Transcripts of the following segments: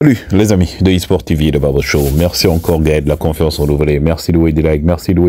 Salut les amis de eSport TV et de Babo Show. Merci encore Gaël de la confiance en Merci de vous likes, merci de vous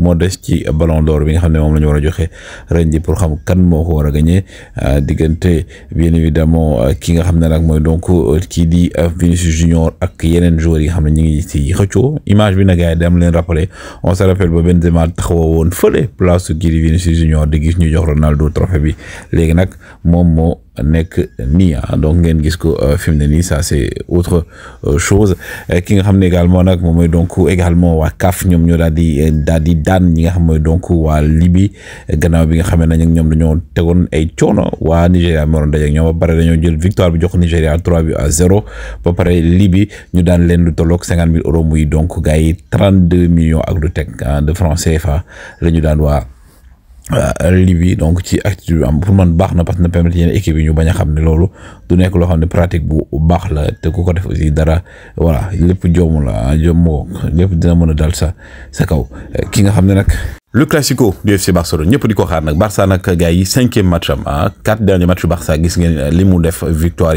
moo des ci ballon d'or bi nga xamne mom lañu wara ñu war joxe ren ji pour xam kan moko wara gagner a euh, bien évidemment euh, ki nga xam nak moy donc euh, kii di Vinicius Junior ak yenen joueur yi nga xam ne ngi ci xëccoo image bi na gaay dem leen rappeler on se rappelle ba Benzema taxawa woon fële place su Vinicius Junior de gis ñu jox Ronaldo trophée bi légui nak mom mo nek ni ah, donc ngeen gis ko film mu ne ça c'est autre chose ki nga xam également nak moom mooy donc également wa CAF ñom ñu daal di daal di. daan ñi nga xam mooy donc waa Libye gannaaw bi nga xam ne nag ñoom dañoo tegoon ay coono waa Nigéria moo doon daje ak ñoom ba pare dañoo jël victoire bi jox Nigéria 3 bi à 0 ba pare Libye ñu daan leen lu tolloog 50 000 euros muy donc gars yi 32 millions ak lu teg ah, de francs CFA la ñu daan Euh, Libye donc ci acte bi am pour man baax na parce que na permettre yenn équipe yi ñu bañ a xam ne loolu du nekk loo xam ne pratique bu baax la te ku ko def aussi dara voilà lépp joomu la joom lépp dina mën a dal sa sa kaw euh, ki nga xam ne nag le classico du FC Barcelone Nous di ko xaar Barça a gagné yi cinquième match ah, quatre derniers match Barça gis ngeen li def victoire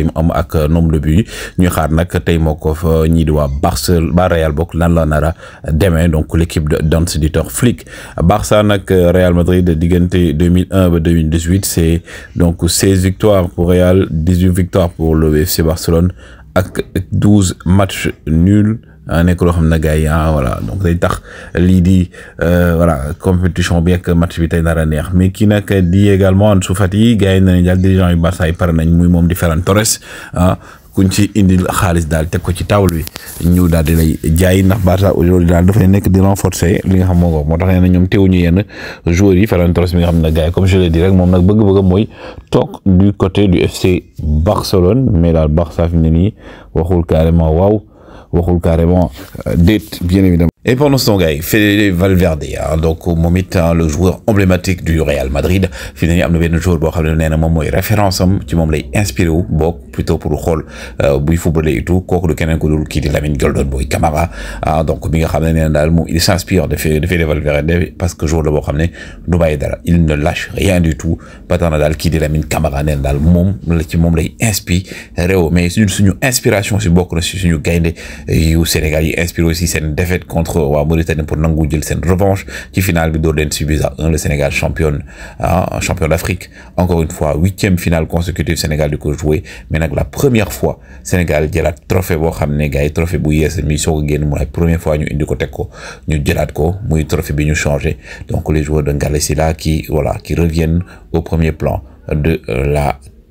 euh, nombre de buts Nous xaar nag tey moo ko euh, ñii Barça ba Real Bok, lan la donc l'équipe de Danse Flick Barça nag euh, Real Madrid De 2001 à 2018 C'est donc 16 victoires pour Real 18 victoires pour le FC Barcelone ak 12 matchs nuls. Hein, nekk loo xamna ne ya yi ah, voilà donc day tax li di euh voilà compétition bi ak match bi tay dara neex mais ki nak di également Ansu Fati gars yi nañu daal dirigeant yu Barça yi pare nañ muy moom di Ferran Torres ah kuñ ci indil xaalis dal teg ko ci table bi ñu dal di lay jaay ndax Barça dal da fay nekk di renforcer li nga xam moo ko moo tax nee na ñoom yenn joueur yi Ferran Torres mi nga xamna ne comme je l'ai dit rek mom nak bëgg-bëgg moy tok du côté du FC Barcelone mais dal Barça fi mu waxul carrément waaw. waxul carrément euh, déet bien évidemment Et pendant ce temps, Guy, Fede Valverde, hein, donc au moment le joueur emblématique du Real Madrid finalement nañu am na benn joueur boo xam référence am ci lay inspiré wu plutôt pour xool euh, buy football et tout kooku du keneen ko dul kii l'a Lamine Golden Boy Camara hein, donc bi nga xam ne il s'inspire de Fede Valverde parce que joueur de boo dara il ne lâche rien du tout pas dans na qui kii di Lamine Camara nee na daal lay inspiré mais c'est une inspiration si bokk na si suñu gaynde yu Sénégal yi inspiré aussi seen défaite contre contre waa pour nangu jël revanche qui finale bi door leen à le Sénégal champion hein, champion d'Afrique encore une fois huitième finale consécutive Sénégal du coup joué mais la première fois Sénégal jëlaat trophée boo xam ne trophée bu yees mi soo ko la première fois ñu indi ko teg ko ñu jëlaat ko muy trophée bi ñu changé donc les joueurs de là qui voilà qui reviennent au premier plan de la